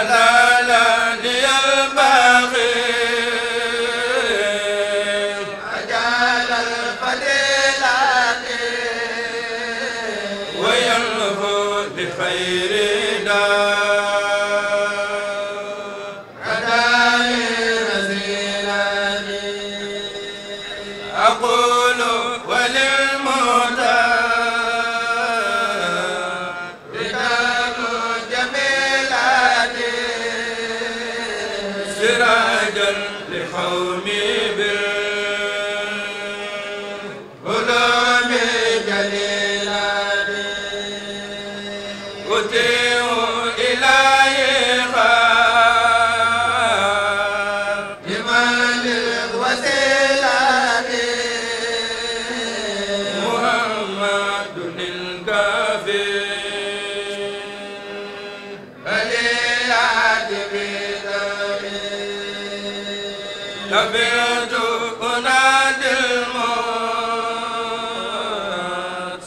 على لدي الباغي qawmi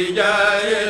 li jaay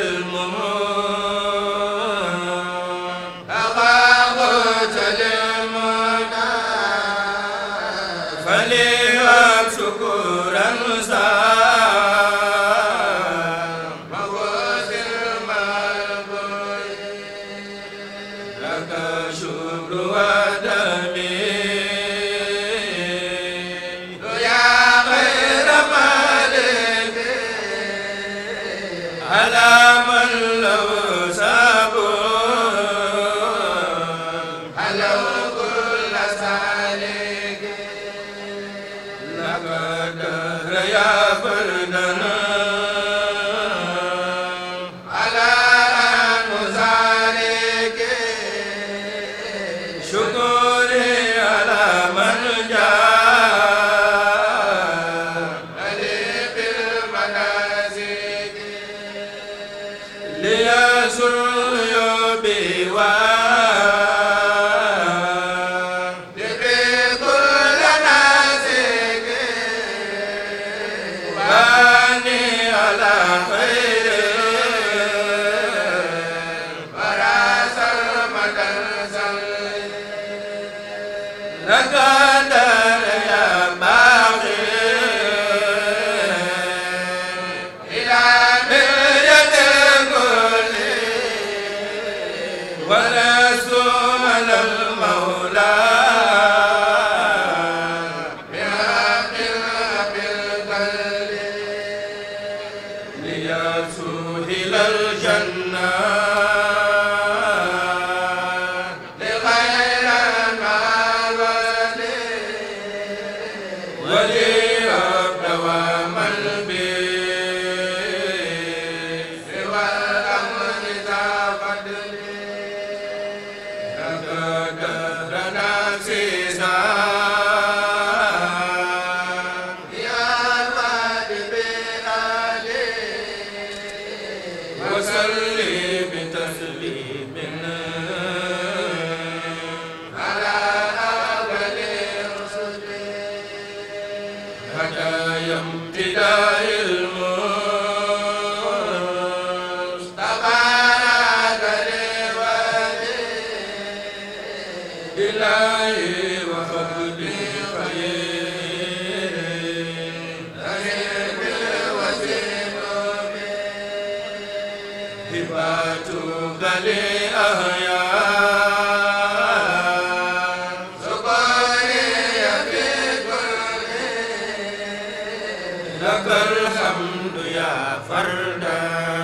ila suhilal janna lakal hamdu ya farda